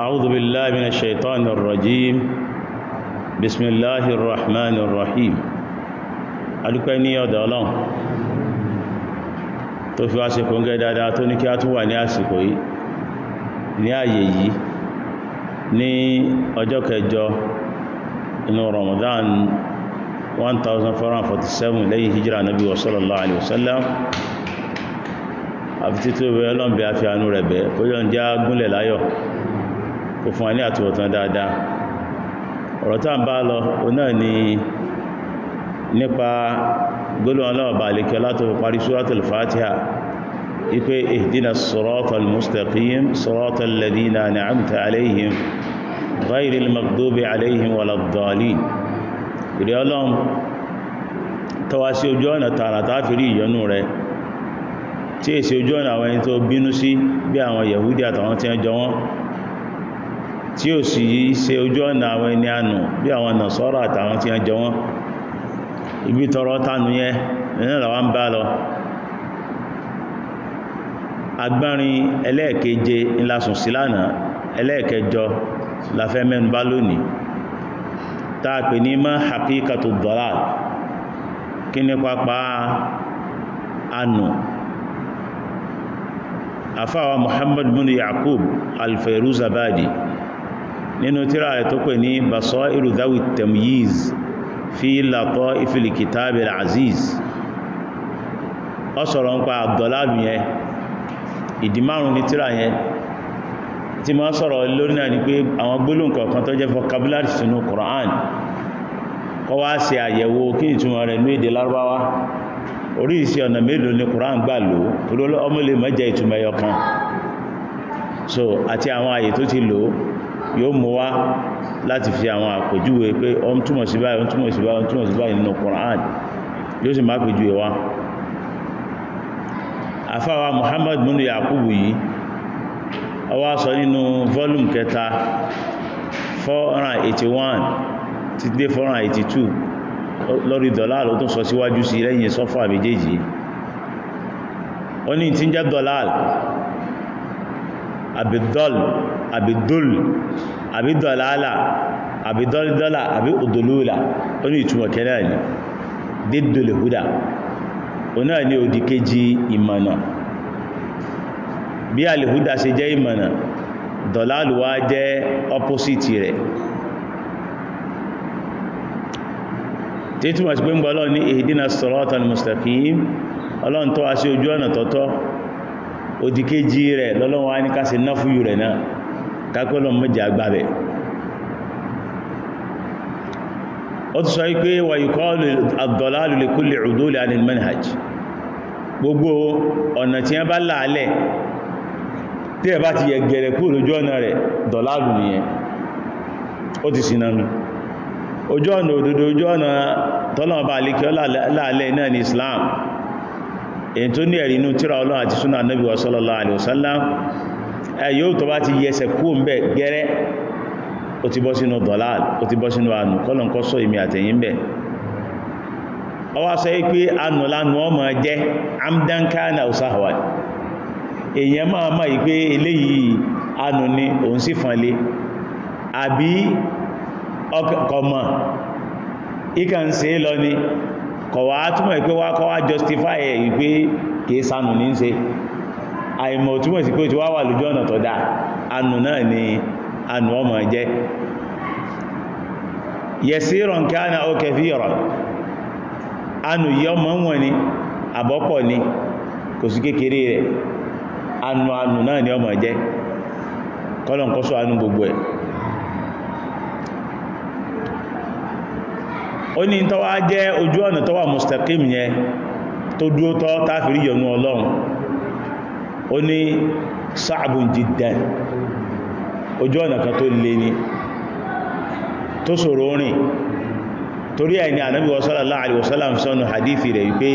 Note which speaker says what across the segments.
Speaker 1: أعوذ بالله من الشيطان الرجيم بسم الله الرحمن الرحيم alúpẹ́ ní ọ̀dọ̀ ọlọ́run tó fi wá ṣe kò ń gẹ́ dáadáa tó ní kí a tún wà ní àsìkò yìí ní ààyè yìí ní ọjọ́ kẹjọ inú Ramadan 1447 lẹ́yìn hijira nabi sallallahu alaihi wasallam àfi títí ó bẹ̀rẹ̀ lọ́nbẹ̀ àfi rẹ̀ bẹ̀ẹ́ kó yọ ń já gúnlẹ̀ láyọ̀ kò fún wa ní àtúbọ̀tán dáadáa ọ̀rọ̀ tá ń bá lọ òun náà ni nípa gbólóhùn Ọlọ́run bá lè kẹ́lá tó parí Suratul Fatiha ipe ihdina siratal mustaqim siratal ladina an'amta alayhim ghayril maghdubi alayhim waladdallin ìrẹ́ Ọlọ́run tọ́wá sí ojú ọ̀nà tààrà táàfìrí ìyọnú rẹ̀ tí ó sì ṣe ojú ọ̀nà àwọn ẹni ànù bí àwọn Nasara àtàwọn tí wọ́n jọ wọ́n ibi tọrọ tánú yẹn ẹ̀nà làwá ń bá lọ agbárin ẹlẹ́ẹ̀keje ńlásùn sí lánàá ẹlẹ́ẹ̀kẹjọ láfẹ́ mẹ́nu bá lónìí táà pè ní mọ́ hakíkàtò dọ́là kí ní pápá anù afáwa Muhammad bin Yaqub al-Fairuzabadi nínú tírà rẹ̀ tó pè ní basairu dhawi tamyiz fi lataifil kitabil aziz ọ sọ̀rọ̀ ń pa abdullahi yẹn ìdí márùn ní tírà yẹn tí ma sọ̀rọ̀ lórí náà ni pé àwọn gbólóhùn kọ̀ọ̀kan tó jẹ́ vocabulary sínú Qur'an kọ́ wá so àti àwọn àyè tó ti lò yóò mú wá láti fi àwọn àpèjúwe pé ó ń túmọ̀ sí báyìí ó ń túmọ̀ sí báyìí ó ń sí báyìí nínú Qur'an yóò sì má pèjúwe wá àfáwà Muhammad múnú Yakubu yìí ọwá sọ nínú volume kẹta 481 ti dé 482 lórí dọ̀láàl ó tún sọ síwájú sí lẹ́yìn sọ́fà méjèèjì ó ní tí ń jẹ́ dọ̀láàl àbìdọ́lù àbìdòl àbìdọ̀láàlà àbìdọ́lídọ́là àbí òdòlóòlà ó ní ìtumọ̀ kẹ́lẹ̀ ní dédòlè húdà ó náà ní òdì kejì ìmọ̀nà bí àlèhúdà ṣe jẹ́ ìmọ̀nà dọ̀láàlù wá jẹ́ ọpósìtì rẹ̀ tí túnmọ̀ sí pé ń gbọ́ ọlọ́run ní ihdina siratal mustaqim ọlọ́run tọ́ wa sí ojú ọ̀nà tọ́tọ́ òdì rẹ̀ lọ́lọ́run wá ní ká ṣe náfúyù rẹ̀ náà kápẹ́lọ mẹ́jẹ agbábẹ̀ ó ti sọ wípé wà yuqalu ad-dalalu li kulli udul an al-manhaj gbogbo ọ̀nà tí wọ́n bá láàálẹ̀ tí ẹ bá ti yẹ gẹ̀rẹ̀ kú lójú ọ̀nà rẹ̀ dọ̀láàlù nìyẹn ó ti sínà nù ojú ọ̀nà òdodo ojú ọ̀nà tọ́lọ̀ọ̀bá alékẹ́ láàálẹ̀ náà ní Islam èyí tó ní ẹ̀rínú tíra Ọlọ́run àti súnà Ànábì sallallahu alaihi yóò tọ́ bá ti yẹsẹ̀ kú ń bẹ̀ gẹ́rẹ́ ó ti bọ́ sínú dọ̀láàlì O ti bọ́ sínú ànù kọ́lọ̀nkọ́ sọ je àtẹ̀yìn bẹ̀ ọwá sọ wípé ànù lánù ọmọ jẹ́ amdankana usahwal èèyàn máa máa yìí pé eléyìí ànù ni òun sì àbí ọkọ̀mọ̀ ìkà ń lọ ni kọ̀wàá túnmọ̀ ìpé justify ẹ̀ ìpé kìí sánù ní ń àìmọ̀ túnmọ̀ sí pé tí wá wà lójú ọ̀nà tó anù náà ni anù ọmọ jẹ́ yẹ̀síràn kí á na ó kẹfí ọ̀rọ̀ anù yí ọmọ wọn ni àbọ́pọ̀ ni kò sí kékeré rẹ̀ anù anù náà ni ọmọ jẹ́ kọ́lọ̀nkọ́sọ anù gbogbo ẹ̀ ó ní tọ́wá jẹ́ ojú ọ̀nà tọ́wà mustaqim yẹn tó dúó táfìrí yọ̀nú ọlọ́run ó ní sa'abun jiddan ojú ọ̀nà kan tó lè ní tó ṣòro rìn torí ẹ̀ ni ànábì sallallahu alaihi wasallam sọ́nù hadithi rẹ̀ wípé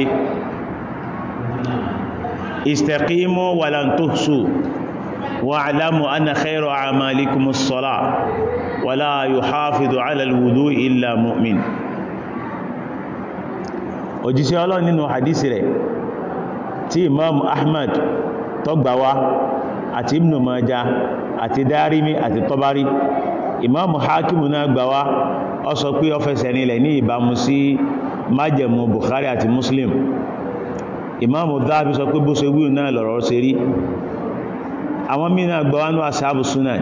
Speaker 1: istaqimu walan tuhsu wa'lamu anna khayra a'malikumus salah wala yuhafidu ala al-wudu'i illa mu'min òjíṣẹ́ ọlọ́run nínú hadithi rẹ̀ tí imam ahmad tọ́gbàwá àti Ibn Majah àti Darimi àti Tabari ìmáàmù hakimu náà gbàwá ọ sọ pé ó fẹsẹ̀ rinlẹ̀ ní ìbámu sí májẹ̀mú Bukhari àti Muslim ìmáàmù Dhahabi sọ pé bó ṣe wíwù náà lọ̀rọ̀ ṣe rí àwọn mìíràn gbàwá ní asahabu sunan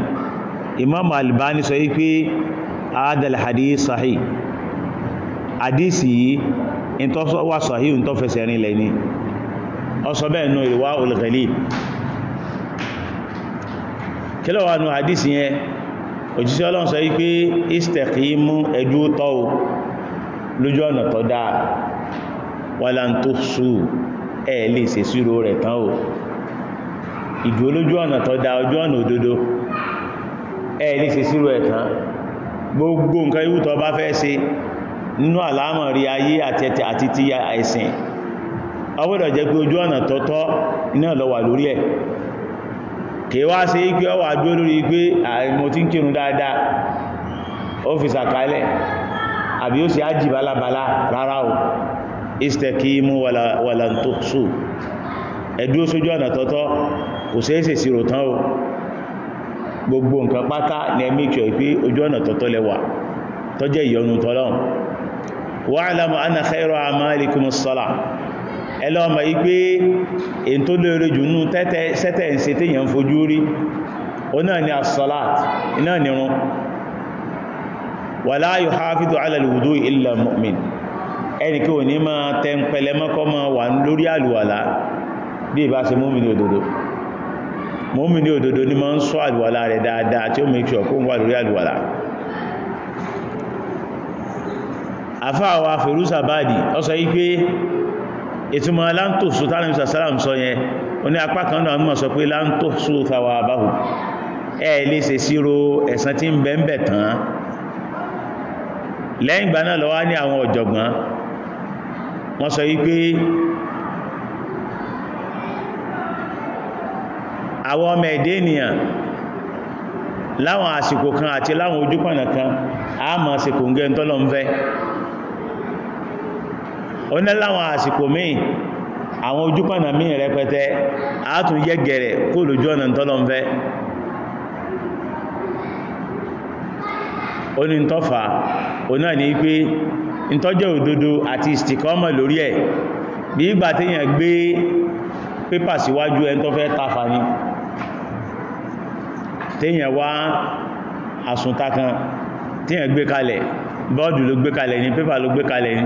Speaker 1: ìmáàmù Albani sọ yí pé adal hadith sahih yìí ìtọ́sọ́wà sahih ìtọ́fẹsẹ̀ rinlẹ̀ ni ọsọ bẹ́ẹ̀ nù ìwá olùgẹ̀lì kílọ̀wà nù àdísì yẹn òjíṣẹ́ ọlọ́run sọ wípé istaqimu ẹjú tọ́ o lójú ọ̀nà tọ́ dáa walan tuhsu ẹ̀ lè ṣe sírò rẹ̀ tán o ìdúró lójú ọ̀nà tọ́ dáa ojú ọ̀nà òdodo ẹ̀ lè ṣe sírò ẹ̀ tán gbogbo nǹkan ìwútọ́ bá fẹ́ ṣe nínú àlámọ̀rí ayé àti ti ẹ̀sìn ọgbọ́dọ̀ jẹ́ pé ojú ọ̀nà tọ́tọ́ iná lọ wà lórí ẹ̀ kìí sí pé ọwà dúró lórí pé àìmọ̀ tí ń kírun dáadáa
Speaker 2: àbí ó sì ájì balabala rárá o
Speaker 1: istakimu wàlà tó sù ẹ̀dúró sójú ọ̀nà tọ́tọ́ kò o gbogbo nǹkan pátá ní ẹmí kí ọ ojú ọ̀nà tọ́tọ́ tọ́jẹ́ ìyọnu ẹlọ́mọ yí pé èyí tó lóore jù nú tẹ́tẹ́ sẹ́tẹ̀ ń ṣe téèyàn fojú rí o náà ni as-salat iná nìrun wala yuhafidu ala al-wudu'i illa mu'min ẹni kí o ní máa tẹ ń pẹlẹ mọ́kọ́ máa wà lórí àlùwàlá bí ìbá ṣe mùmínì òdodo mùmínì òdodo ni máa ń ṣọ́ àlùwàlá rẹ̀ dáadáa tí ó make sure kó ń wà lórí àlùwàlá afáwa Firuzabadi ó sọ yí pé ìtumọ̀ láńtòsù tánàmì sàsálàm sọ yẹn o ní apá kan náà mọ̀ sọ pé láńtòsù fàwà àbáhù ẹ̀ lè ṣe síro ẹ̀san tí ń bẹ ń bẹ tán lẹ́yìn ìgbà náà lọ́wọ́ ní àwọn ọ̀jọ̀gbọ́n wọ́n sọ wípé àwọn ọmọ ẹ̀dẹ́ ènìyàn láwọn àsìkò kan àti láwọn ojúpọ̀nà kan a máa ṣe kòǹgẹ́ ń tọ́lọ́ ń fẹ́ ó ní láwọn àsìkò míì àwọn ojúpànà míì rẹpẹtẹ àátún yẹ́gẹ̀rẹ̀ kó lójú ọ̀nà tọ́lọ ń fẹ́ ó ní tọ́fà ó náà ní pé ìtọ́jẹ́ òdodo àti ìsìtìkọ́mọ̀ lórí ẹ̀ bí ìgbà téèyàn gbé pépà síwájú ẹni tó fẹ́ tafà ni téèyàn gbé kalẹ̀ bọ́ọ̀dù ló gbé kalẹ̀ ni pépà ló gbé kalẹ̀ ni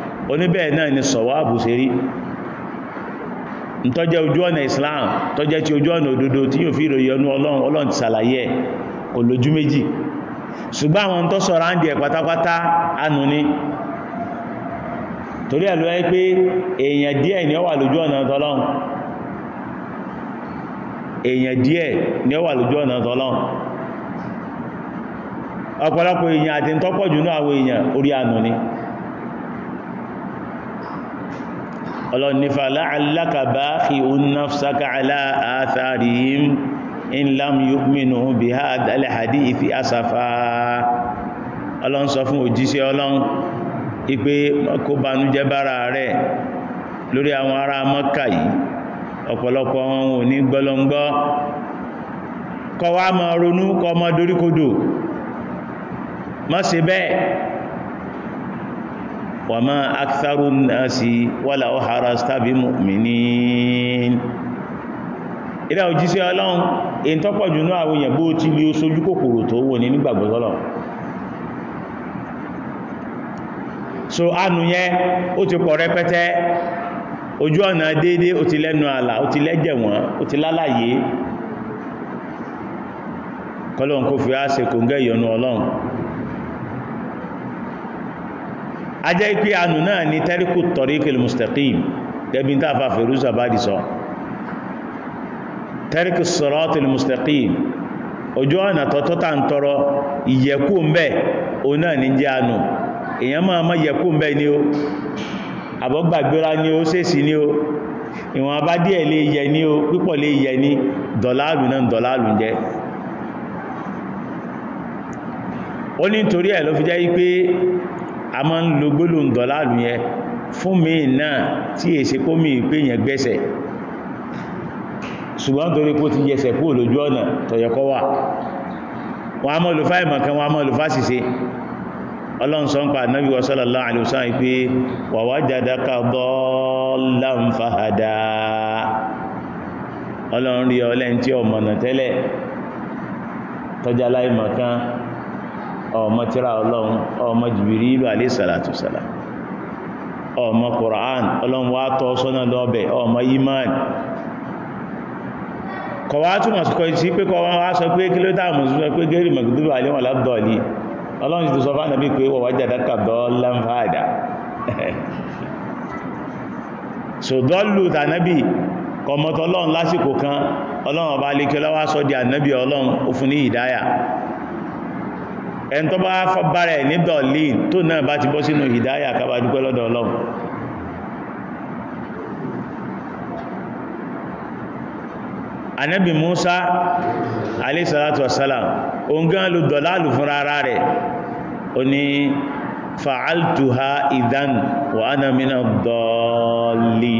Speaker 1: oníbẹ̀ẹ́ náà ni sọ̀wáàbù ṣe rí ojú ọ̀nà Islam tọ́jẹ́ ti ojú ọ̀nà òdodo tí yóò fi ìròyìn ọnú Ọlọ́run Ọlọ́run ti sàlàyé ẹ̀ kò lójú méjì ṣùgbọ́n àwọn tó sọ̀rọ̀ áńdì ẹ̀ pátápátá anù ni torí ẹ̀ ló pé
Speaker 2: èèyàn díẹ̀ ni ó wà lójú ọ̀nà tọ́lọ́run
Speaker 1: ọ̀pọ̀lọpọ̀ èèyàn ọlọ́nifà láàlákàbá fi ounafsaka aláàtàríhìm in lam yu'minu bí ha dálẹ̀ hadí ìfi asafa ọlọ́n sọ fún òjíṣẹ́ ọlọ́n ipé kó banújẹ́ bára rẹ̀ lórí àwọn ará mọ́kà yìí ọ̀pọ̀lọpọ̀ wọn ò ní gbọ́lọ́ngbọ́ wà máa aktharu nasi wala harasta bi mu'minin ilẹ̀ òjíṣẹ́ ọlọ́run èyí tọ́pọ̀ jù náà àwọn èèyàn bó ti lè sojú kòkòrò tó wò ní nígbàgbọ́ sọ́lọ́run so anu yẹn ó ti pọ̀ rẹpẹtẹ ojú ọ̀nà déédé ó ti lẹ́nu àlà ó ti lẹ́jẹ̀ wọ́n ó ti lálàyé kọlọ́n kó fi á ṣe kòǹgẹ́ ìyọnu ọlọ́run a jẹ́ pé anù náà ni tẹ́ríkù tọ̀ríkìl mustaqim gẹ́bí tá fa fèrúsà bá dì sọ tẹ́ríkù siratil mustaqim ojú ọ̀nà tọ́tọ́ tà ń tọrọ ìyẹ̀kú mbẹ́ o náà ní jẹ́ anù èyàn máa mọ́ yẹ̀kú mbẹ́ ni ó àbọ́gbàgbéra ni ó sèsì ni ó ìwọ̀n bá lè yẹ ní o pípọ̀ lè yẹ ní dọ̀láàlù náà dọ̀láàlù jẹ́ ó ní torí ẹ̀ ló fi jẹ́ wípé a máa ń lo gbólóhùn dọ̀láàlù yẹn fún mi náà tí èsè kó mi pé yẹn gbẹ́sẹ̀ ṣùgbọ́n torí kó ti yẹsẹ̀ kú olójú ọ̀nà tọ̀yẹ̀kọ́ wà wọn a mọ́ olùfá ìmọ̀kan wọn a mọ́ olùfá ṣìṣe ọlọ́nsọ́npa náà wíwọ́ sọ́lọ̀lá àlùsá ìpé wàwá jàdáka bọ́ọ̀lán fàhàdá ọlọ́run rí ọlẹ́n tí ọmọ̀nà tẹ́lẹ̀ tọ́jà ọmọ tíra ọlọ́run ọmọ jìbìrí ìlú àlésàlátùsàlá ọmọ Qur'an ọlọ́run wá tọ́ sọ́nà lọ́bẹ̀ ọmọ iman kọwa túnmọ̀ sí kọjí pé kọwa wá sọ pé kí ló dáàmù sí pé gẹ́rì magdubu alayhim wala dọ̀lì ọlọ́run ti sọ fánàbí pé wọ́n wájá dákà dọ́ọ̀lán fàádà so dọ́lù tànábì kọmọtọ́ ọlọ́run lásìkò kan ọlọ́run ẹn tó bá bára ẹ̀ ní dọ̀lì tó náà bá ti bọ́ sínú hidaya kaba dúpẹ́ lọ́dọ̀ Ọlọ́run Ànábì Musa alayhi salatu wassalam òun gan ló dọ̀láàlù fúnra ara rẹ̀ ó ní fa'altuha idhan wa ana mina dọ̀lì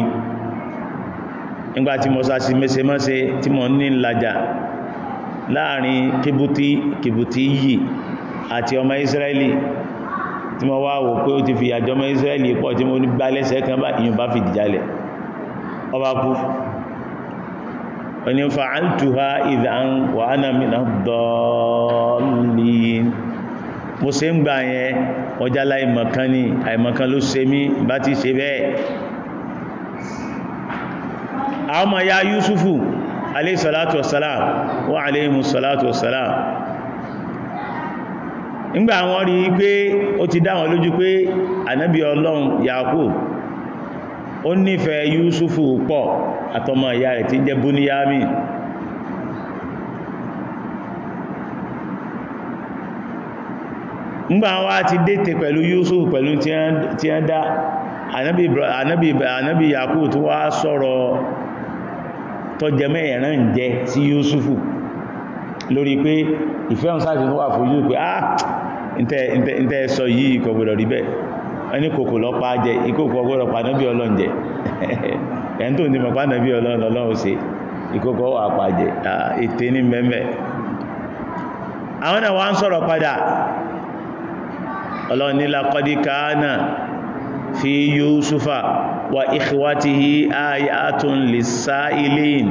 Speaker 1: nígbàtí Musa sí mẹ́sẹmọ́sẹ tí mọ̀ ní ìlàjà láàrin kìbútí yìí àti ọmọ Israeli tí mo wá wò pé ó ti fi àjọ ọmọ Israeli pọ̀ tí mo ní gbá lẹ́sẹ̀ kan bá ìyàn bá fìdí jálẹ̀ ọba kú ọni fa'altuha idhan wa ana min ad-dallin mo ṣe ń gbà yẹn ọjá láìmọ̀kan ni àìmọ̀kan ló ṣe mí bá ti ṣe bẹ́ẹ̀ àwọn ọmọ ya Yusufu alayhi salatu wassalam wa alayhi salatu wassalam nígbà wọ́n rí pé ó ti dá wọn lójú pé ànábì ọlọ́run yàkó ó nífẹ̀ẹ́ Yúsúfù pọ̀ àtọmọ ìyá rẹ̀ tí jẹ́ Búníyámì nígbà wọ́n ti dẹ́tẹ̀ pẹ̀lú Yúsúfù pẹ̀lú tí wọ́n dá ànábì yàkó tó wá sọ̀rọ̀ tọ́jẹmẹ́ ìran jẹ sí Yúsúfù lórí pé ìfẹ́ òun sáàtì tó wà fojú pé ah ìtẹ́ sọ yìí kò gbọdọ̀ rí bẹ́ẹ̀ ẹni kòkò lọ pa jẹ ìkòkò ọgbọ́dọ̀ pa náà bí ọlọ́run jẹ ẹni tó ní mọ̀ pa náà bí ọlọ́run ọlọ́run ṣe ìkòkò wà pa jẹ ètè ní mẹ́mẹ́ àwọn náà wá fi Yusufa wa ikhwatihi ayatun lis-sa'ilin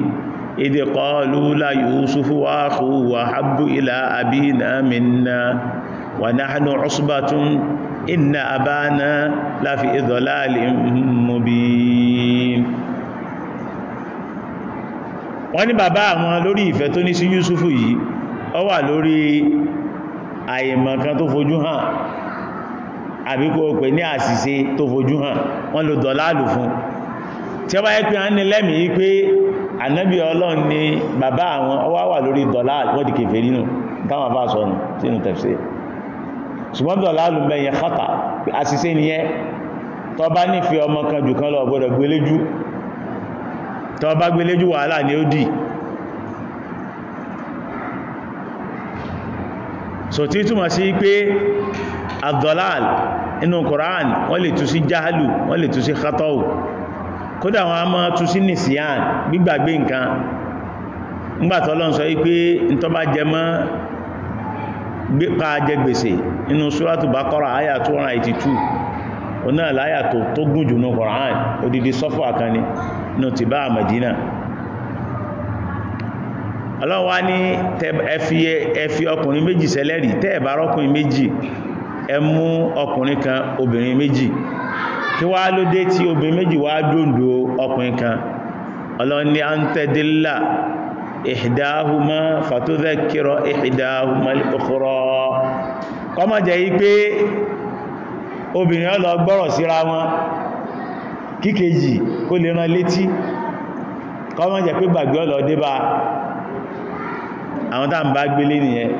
Speaker 1: idh qalu la yusufu wa akhuhu ahabbu ila abina minna wa nahnu usbatun inna abana la fi dhalalin mubin wọ́n ní bàbá àwọn lórí ìfẹ́ tó ní sí yusufu yìí ó wà lórí àìmọ̀kan tó fojú hàn àbíkò pè ní àṣìṣe tó fojú hàn wọ́n lò dọ̀láàlù fún un tí ó bá yẹ́ pé a ní lẹ́mìí pé ànábì ọlọ́run ni bàbá àwọn ọwá wà lórí dọ̀lá wọ́n di kèfè nínú táwọn afá sọnù sínú tafsir ṣùgbọ́n dọ̀lá lù mẹ́yẹn kọ́ta àṣìṣe nìyẹn tó bá nífẹ̀ẹ́ ọmọ kan jù kan lọ gbọ́dọ̀ gbéléjú tó bá gbéléjú wàhálà ni ó dì so tí túmọ̀ sí pé àdọ̀lá inú Qur'an wọ́n lè tú sí jáhálù wọ́n lè tú sí khatọ́wù kódà wọn a máa tún sí nìsíyàn gbígbàgbé nǹkan ngbàtọ́ lọ́n sọ wípé ntọ́ bá jẹ mọ́ gbípa jẹ gbèsè inú suratu Baqara àyà 282 náà tó gùn jù odidi sọ́fọ́ àkànni inú ti bá ọlọ́wà ní ẹfi ọkùnrin méjì sẹlẹ́rì tẹ́ẹ̀bá méjì ọkùnrin kí wá ló dé tí obìnrin méjì wá dòndò ọkùnrin kan ọlọ́ni a ń tẹ́dílà ihdahuma fatudhakkira ihdahuma al-ukhra kọmọ jẹ́ yí pé obìnrin ọlọ gbọ́rọ̀ síra wọn kíkejì kó lè rán létí kọmọ jẹ́ pé gbàgbé ọlọ débà àwọn tá bá gbélé nìyẹn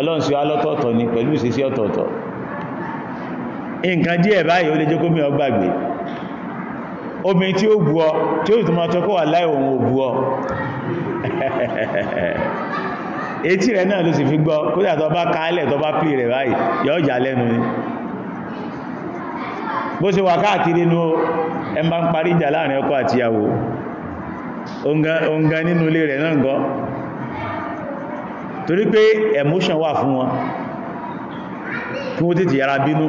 Speaker 1: ọlọ́run lọ́tọ̀ọ̀tọ̀ ni pẹ̀lú ìṣesí ọ̀tọ̀ọ̀tọ̀ nǹkan díẹ̀ báyìí ó lè jẹ́ kómi ọgbàgbé omi tí ó bú ọ tí ó túnmọ̀ tó kọ́ wà láì òun ò bú ọ etí rẹ̀ náà ló sì fi gbọ́ kó dà tó bá kálẹ̀ tó bá pì rẹ̀ báyìí yọ́ jà lẹ́nu ni bó ṣe wà káàkiri inú ẹ máa ń parí ìjà láàrin ọkọ àtìyàwó òǹgan nínú ilé rẹ̀ náà gọ́ torí pé emotion wà fún wọn kí wọ́n tètè yára bínú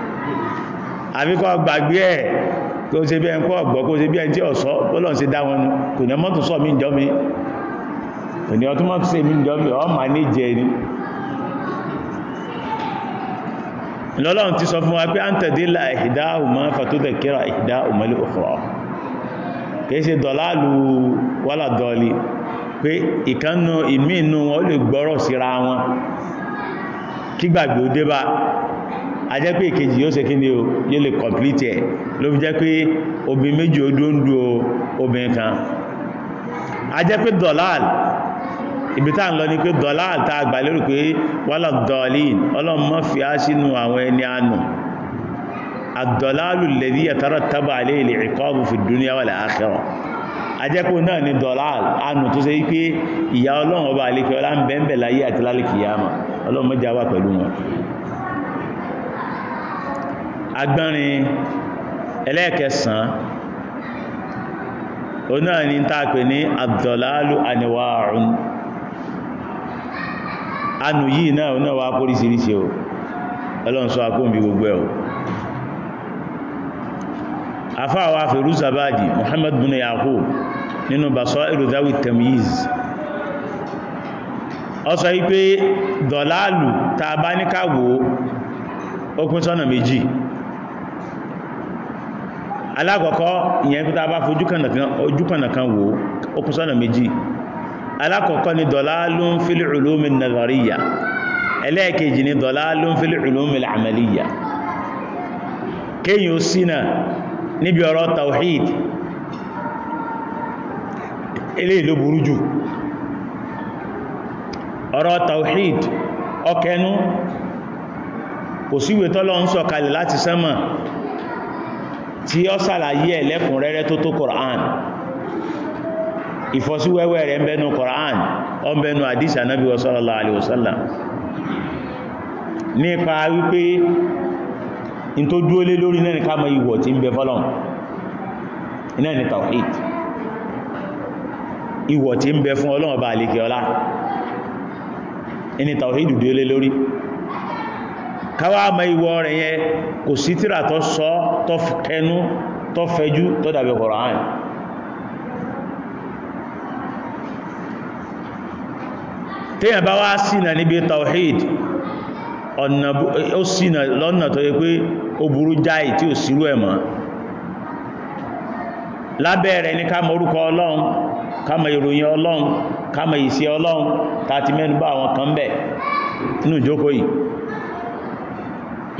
Speaker 1: àbíkọ́ gbàgbé ẹ̀ kó ṣe bí ẹn kọ́ ọ̀gbọ́ kó ṣe bí ẹn tí ọ̀sọ́ bọ́lọ̀ ṣe dá wọn kò ní ọmọ́tún sọ mí ìjọ mi kò ní ọtún mọ́tún sí mi ìjọ mi ọ́ mà ní jẹ ni lọ́lọ́run ti sọ fún wa pé à ń tẹ̀dé la ìdá òmọ́ fàtódẹ̀ kíra ìdá òmọ́lé òfurọ̀ kìí ṣe dọ̀láàlù wọ́là dọ̀ọ̀lì pé ìkánnú ìmí inú wọn ó lè gbọ́rọ̀ síra wọn kígbàgbé ó dé a jẹ́ pé ìkejì yóò ṣe kí ni o yóò lè complete ẹ̀ ló fi jẹ́ pé obìnrin méjì ó dúró ń du obìnrin kan a jẹ́ pé dọ̀láàlì ibi tá ń lọ ni pé dọ̀lá àta àgbà lórí pé wọ́lá dọ̀lín ọlọ́mọ́ fi á sínú àwọn ẹni ànù àdọ̀láàlù lẹ́dí ẹ̀tọ́rọ agbọ́nrin ẹlẹ́ẹ̀kẹsàn o náà ni ta pè ní abdọ̀láàlù àníwàárùn anù yìí náà náà wá póríṣiríṣi o ọlọ́nsọ akóǹbí gbogbo ẹ̀ o afáwà Firuzabadi Muhammad bin Yaqub nínú Basairu Dhawi Tamyiz ó sọ wípé dọ̀láàlù ta bá níkàwó ó pín sọ́nà méjì alákọ̀ọ́kọ́ ìyẹn pé tá bá fojú kànà kan wò ó kún sọ́nà méjì alákọ̀ọ́kọ́ ni dalalun fil ulumi an-nazariyya ẹlẹ́ẹ̀kejì ni dalalun fil ulumi al-amaliyya kéyìn ó sínà níbi ọ̀rọ̀ tawhid ilé ìlú burú jù ọ̀rọ̀ tawhid ọkẹnu kò síwẹ̀ tọ́lọ́ ń sọ̀kalẹ̀ láti sánmà tí ó sàlàyé ẹ̀ lẹ́kùnrẹ́rẹ́ tó tó Qur'an ìfọ́síwẹ́wẹ́ rẹ̀ ń bẹnu Qur'an ó ń bẹnu hadith Ànábì sallallahu alaihi wasallam nípa wípé in tó dúó lé lórí náà ní ká mọ ìwọ̀ tí ń bẹ fọ́lọ́n iná ní tawhid ìwọ̀ tí ń bẹ fún Ọlọ́run bá àlèkè ọlá iná tawhid dúó lé lórí káwàá mọ ìwọ rẹ̀ yẹn kò sí tíra sọ to kẹnu tó fẹjú tó dàbí Kùránì téèyàn bá wá ṣìnà níbi tawhid ó ṣìnà lọ́nà tó yẹ pé ó burú jáì tí ò sírú ẹ̀mọ́ lábẹ́ẹ̀rẹ̀ ní ká orúkọ ọlọ́run ká ìròyìn ọlọ́run ká mọ ìṣe kan bẹ̀ nínú ìjókòó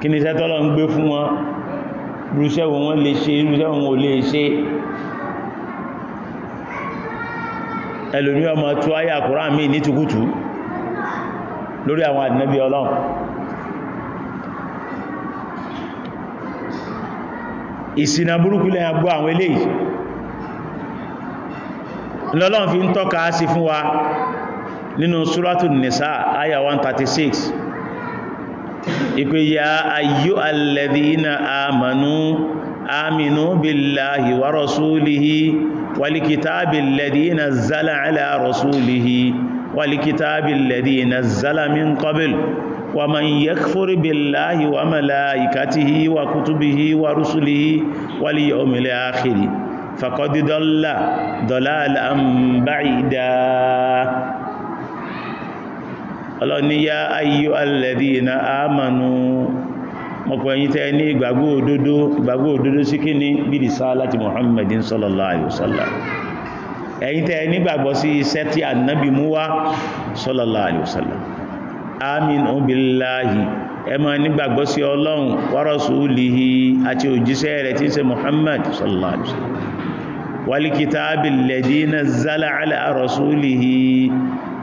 Speaker 1: kí ni iṣẹ́ tọ́lọ̀ ń gbé fún wọn irúṣẹ́ wo wọ́n lè ṣe irúṣẹ́ wo wọ́n lè ṣe ẹlòmí ọmọ tó ayé àkùrán mi ní tukutu lórí àwọn àdínábí ọlọ́run ìsìnà burúkú lẹ́yìn agbó àwọn eléyìí lọ́lọ́run fi ń tọ́ka sí fún wa nínú súrátù nìsá àyà 136 ìpé ya ayu alladhina amanu aminu billahi wa rasulihi walikitabi alladhina zala ala rasulihi walikitabi alladhina zala min qabl wa man yakfur billahi wa malaikatihi wa kutubihi wa rusulihi wal yawmil akhir faqad dalla dalalan ba'ida ọlọ́ni yá ayíyó alẹ́dí iná àmànú mọ̀pọ̀ ẹ̀yìn tẹ́ ní ìgbàgbọ́ òdodo ìgbàgbọ́ òdodo sí kí ní bí risalati Muhammadin sallallahu alaihi wasallam ẹ̀yìn tẹ́ ní ìgbàgbọ́ sí iṣẹ́ tí ànábì mú wá sallallahu alaihi wasallam aminu billahi ẹ má nígbàgbọ́ sí Ọlọ́run wa rasulihi àti òjíṣẹ́ rẹ̀ tí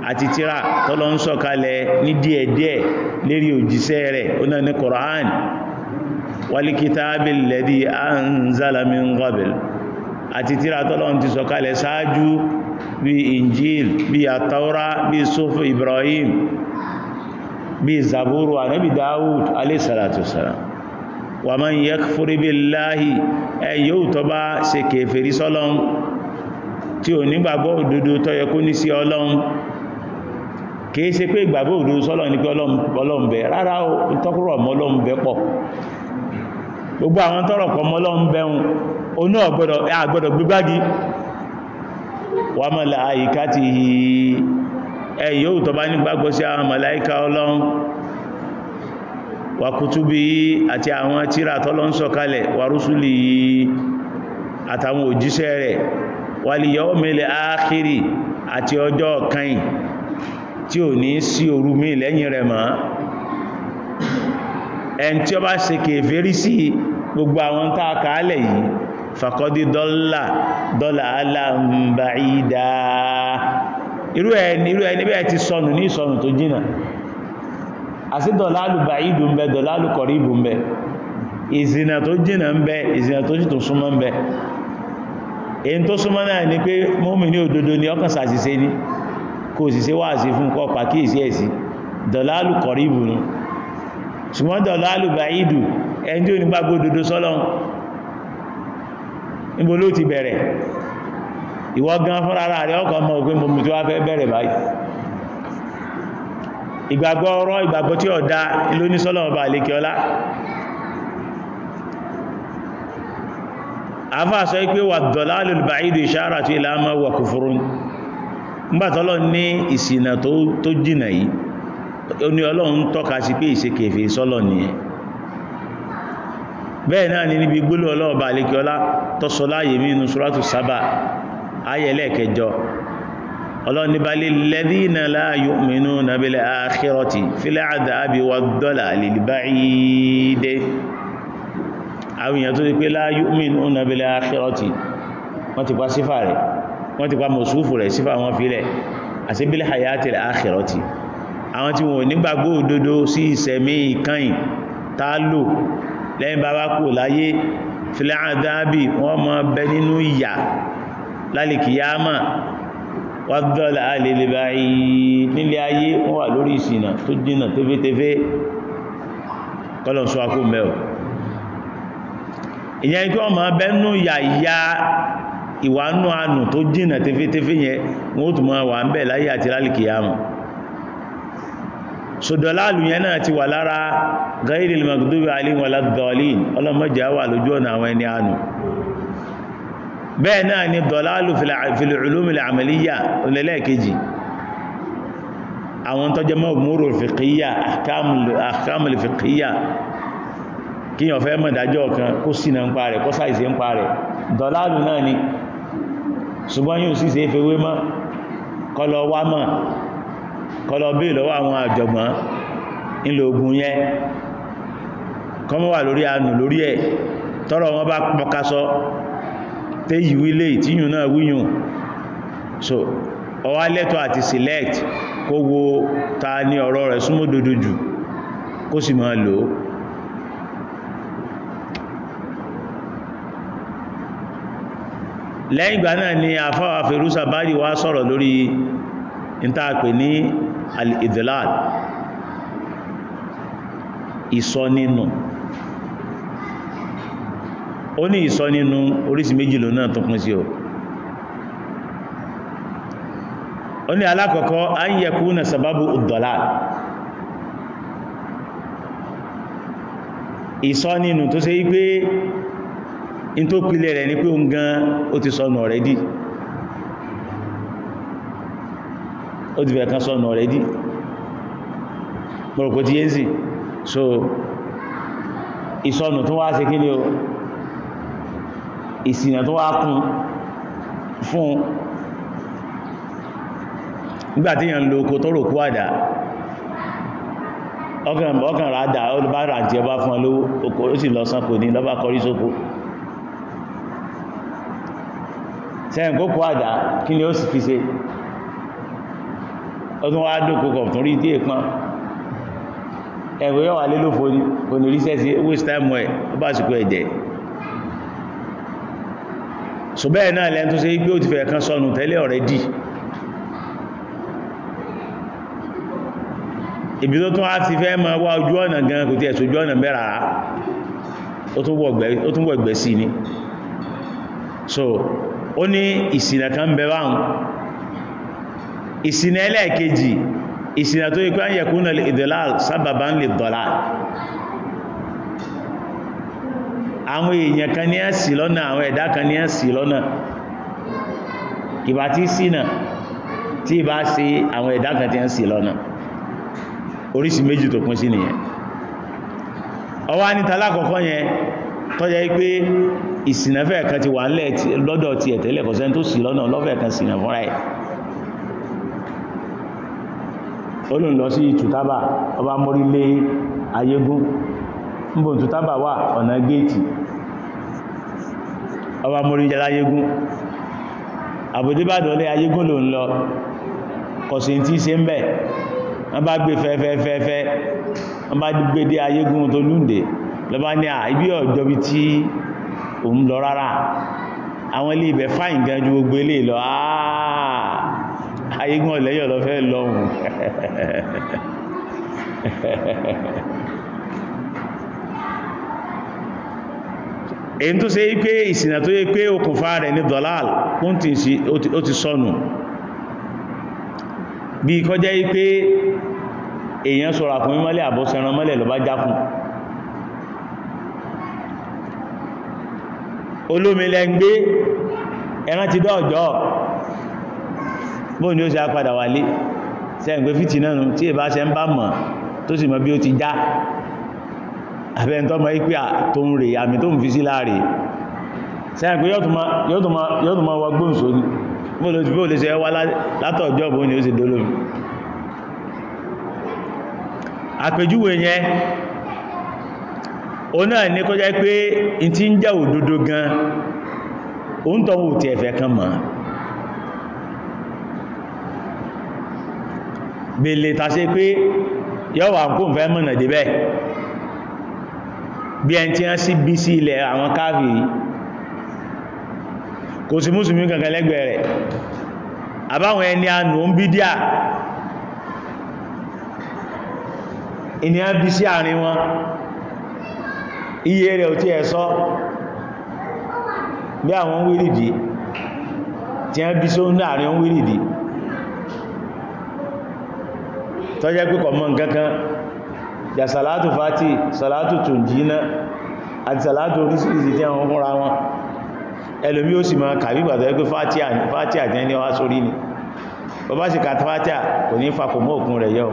Speaker 1: àti tíra tọ́lọ ń sọ̀kalẹ̀ ní díẹ̀díẹ̀ lérí òjíṣẹ́ rẹ̀ oná ní Qur'an walikitabil ladhi anzala min qabl àti tíra tọ́lọ ti sọ̀kalẹ̀ sáájú bí Injil bí àtàwọ́rá bí Sufu Ibrahim bí Zaburu anábi Dawud alayhi tí ò nígbàgbọ́ òdodo tọ́yẹ kó ní sí Ọlọ́run kìí ṣe pé ìgbàgbọ́ òdodo sọ́lọ̀ ní pé ọlọ́m̀bẹ rárá o tọ́kùrọ̀ mọ́ ọlọ́m̀bẹ pọ̀ gbogbo àwọn tọ́rọ̀ kọ mọ́ ọlọ́m̀bẹ un oní àgbọ́dọ̀ gbígbági wà mọ́lá àyíká ti hì ẹ̀yìn yóò tọba nígbàgbọ́ sí àwọn màláíkà ọlọ́run wà kútúbí àti àwọn tírà tọ́lọ́ ń sọ̀kalẹ̀ wà rúsùlì àtàwọn òjíṣẹ́ rẹ̀ wà lè yọ́ mẹ́lẹ̀ áàkiri àti ọjọ́ kan tí ò ní sí òru mí lẹ́yìn rẹ̀ mọ́ ẹn tí ó bá ṣe kèfèrí sí gbogbo àwọn tá a kàálẹ̀ yìí fàkọ́dí dọ́là dọ́là alámbà ìdá irú ẹni irú ẹni bẹ́ẹ̀ ti sọnù ní ìsọnù tó jìnà àti dọ̀lálù bàídù ń bẹ dọ̀lálù kọ̀ríbù ń bẹ ìzìnà tó jìnà ń bẹ ìzìnà tó sì súnmọ́ ń bẹ èyí tó súnmọ́ náà ni pé mọ́mí ní òdodo ni ọkàn ṣàṣìṣe ni kò sì ṣe wáàsí fún kọ́ pàkíyèsí ẹ̀sí dọ̀láàlù kọ̀ríbù ni ṣùgbọ́n dọ̀láàlù bàídù ẹni tí ó nígbà gbódodo sọ́lọ́n níbo ló ti bẹ̀rẹ̀ ìwọ gan fúnra rẹ̀ ọkọ̀ ọmọ ògbé mọ̀mù tí wá fẹ́ bẹ̀rẹ̀ báyìí ìgbàgbọ́ ọ̀rọ̀ ìgbàgbọ́ tí nígbàtọ́lọ́ ní ìsìnà tó jìnà yìí ó ní ọlọ́run tọ́ka sí pé ìṣekèfè sọ́lọ̀ nìyẹn bẹ́ẹ̀ náà ni níbi gbólú ọlọ́ọ̀bà alékiọlá tọ́sọ láàyè mínú ṣúrátù sábà ayẹlẹ́ẹ̀kẹjọ ọlọ́nibálé lẹ́dínà la yu'minuna bil akhirati fil adhabi wad dalalil ba'id àwọn èèyàn wọ́n ti pa mọ̀súfù rẹ̀ sífà wọn fílẹ̀ àti bílẹ̀ hayatil akhirati àwọn tí wọ́n nígbàgbọ́ òdodo sí ìsẹ̀mí ìkànnì tálò lẹ́yìn bàbá kò láyé filẹ̀ àdábì wọ́n mọ́ bẹ nínú ìyà lálìkìyàmà wàdọ́là alèlèbà nílé ayé wọ́n wà lórí ìsìnà tó jìnà tẹ́fẹ́tẹ́fẹ́ kọlọ̀ṣọ́ akó mẹ́ ìwánú anù tó jìnà tẹfẹ́tẹfẹ́ yẹn wọ́n tún máa wà ń bẹ̀ láyé àti lálìkì àmù sọ̀dọ̀láàlù yẹn náà ti wà lára gáìrì magdubi alim wà ládọ̀ọ̀lìn ọlọ́mọjà wà lójú ọ̀nà àwọn ẹni àánú bẹ́ẹ̀ náà ni dọ̀láàlù fìlìlúmìlì àmàlíyà olẹ́lẹ́ẹ̀kejì àwọn tọ́jẹ́ mọ́ múrò fìkíyà àkámùlì fìkíyà kíyàn fẹ́ mọ̀ dájọ́ kan kó sínà ń pa rẹ̀ kó sáìsì ń pa rẹ̀ dọ̀láàlù náà ni ṣùgbọ́n yóò sì ṣe é fewé mọ́ kọlọ wá mọ̀ kọlọ bí lọ́wọ́ àwọn àjọ̀gbọ́n ńlò ogun yẹn kọmọ́ wà lórí àánú lórí ẹ̀ tọ́rọ wọn bá pọkasọ tẹ́ yìí lè tíyùn náà wíyùn so ọwá lẹ́tọ̀ àti select kó wo ta ní lẹ́yìn ìgbà náà ni àfáwà Ferúsà Bárì wá sọ̀rọ̀ lórí ìntàpè ní al-idlal ìsọnínú ó ní ìsọnínú orísìí méjì ló náà tó kún sí o ó ní alákọ̀ọ́kọ́ an yakuna sababu ad-dalal ìsọnínú tó ṣe wípé in tó pìlẹ̀ rẹ̀ ní pé òun gan o ti sọnù already o ti fẹ̀ kan sọnù already mọ̀rọ̀kò tí yé sì so ìsọnù tó wá ṣe kí o ìsìnà tó wá kún fún nígbàtí yàn lo oko tó kú àdá ọkàn ọkàn rádà olùbáràn tí fún oko ó sì lọ sánkò ní lọ́bà kọrí sóko sẹ́yìn kó kó àdá kí ni ó sì fi ṣe ọdún wá dókò kọ̀ tún rí díẹ̀ pán ẹ̀wẹ̀ yọ́ wà lélòfò ní onírísẹ́sí waste time ẹ̀ ó bá sùkú ẹ̀jẹ̀ ṣùgbẹ́ náà lẹ́n tó ṣe gbé ó ti fẹ́ kan sọnù tẹ́lẹ̀ already ibi tó tún á ti fẹ́ mọ́ wá ojú ọ̀nà gan kò tí ẹ̀ sójú ọ̀nà mẹ́ra ó tún wọ̀ ẹ̀gbẹ́ sí ni so ó ní ìsìnà kan bẹ̀rẹ̀ àwọn ìsìnà ẹlẹ́ẹ̀kejì ìsìnà tó ikú ayẹkúnnà ìdọ̀lá sábàbá ń lè dọ̀lá àwọn èèyàn kan ní ẹ̀sì lọ́nà àwọn ẹ̀dá kan ní ẹ̀sì lọ́nà ìbá tí sínà tí ìbá sí àwọn ẹ̀dá kan tí ẹ̀sì lọ́nà oríṣi méjì tó pín sí nìyẹn ọwá ní talákọ̀ọ́kọ́ yẹn tọ́jẹ́ pé ìsìnàfẹ́ kan ti wà ńlẹ̀ lọ́dọ̀ ti ẹ̀tẹ́lẹ̀ kọ̀sẹ́ tó sì lọ́nà lọ́fẹ́ kan sìnà fúnra ẹ̀ olùn lọ sí ìtùtábà ọba mórílé ayégún níbo ìtùtábà wà ọ̀nà géètì ọba mórílé ayégún àbòdíbàdàn lọ́bá ní à ibi tí òun lọ rárá àwọn ilé ibẹ̀ fáìn gan ju gbogbo ilé lọ ayégún ọ̀lẹ́yọ̀ lọ fẹ́ lọ́hùn èyí tó ṣe pé ìsìnà tó yẹ pé okùnfà rẹ̀ ní dọ̀láàl ó ti sọnù bí kọjá yí pé èèyàn sọ̀rọ̀ àfún mímọ́lẹ̀ àbọ́sẹ̀ran mọ́lẹ̀ lọ bá jákùn olómi lẹ ń gbé ẹran ti dọ́ọ̀jọ́ bóò ni ó ṣe apadà wálé sẹ́ǹgbé fìtì náà nù tí èbá ṣe ń bá mọ̀ tó sì mọ̀ bí ó ti já àbẹ́ntọ́mọ̀ ipé tó ń rè àmì tó ń fi sí láàrè sẹ́ǹgbé yóò tún ma wọ gbóǹsó ní bóò lè ṣe wá látọ̀jọ́ bóò ni ó ṣe dólómi àpèjúwe yẹn o náà ní kọjá pé in ti ń jẹ́ òdodo gan o ń tọ́wọ́ ti ẹ̀fẹ́ kan mọ̀ bèèlè tàṣe pé yọ́wà kó fẹ́ mọ̀nà débẹ̀ bí ẹn tí wọ́n sí bí sí ilẹ̀ àwọn káàfì kò sí mùsùlùmí kankan lẹ́gbẹ̀ẹ́ rẹ̀ àbáwọn ẹni ànù ń bí díà ènìyàn bí sí àárín wọn iye rẹ̀ ò tí ẹ sọ bí àwọn wírìdì tí ẹ bí só láàrin wírìdì tọ́jẹ́ pípọ̀ mọ́ nǹkankan yà sàlátù fati sàlátù tùnjínà àti sàlátù orísìírísì tí àwọn fúnra wọn ẹlòmí ó sì máa kàbí gbàtọ̀ ẹgbẹ́ fatia jẹ́ ní ọwá sórí ni bọ́bá sì kàtàfátíà kò ní fakòmọ́ òkun rẹ̀ yọ́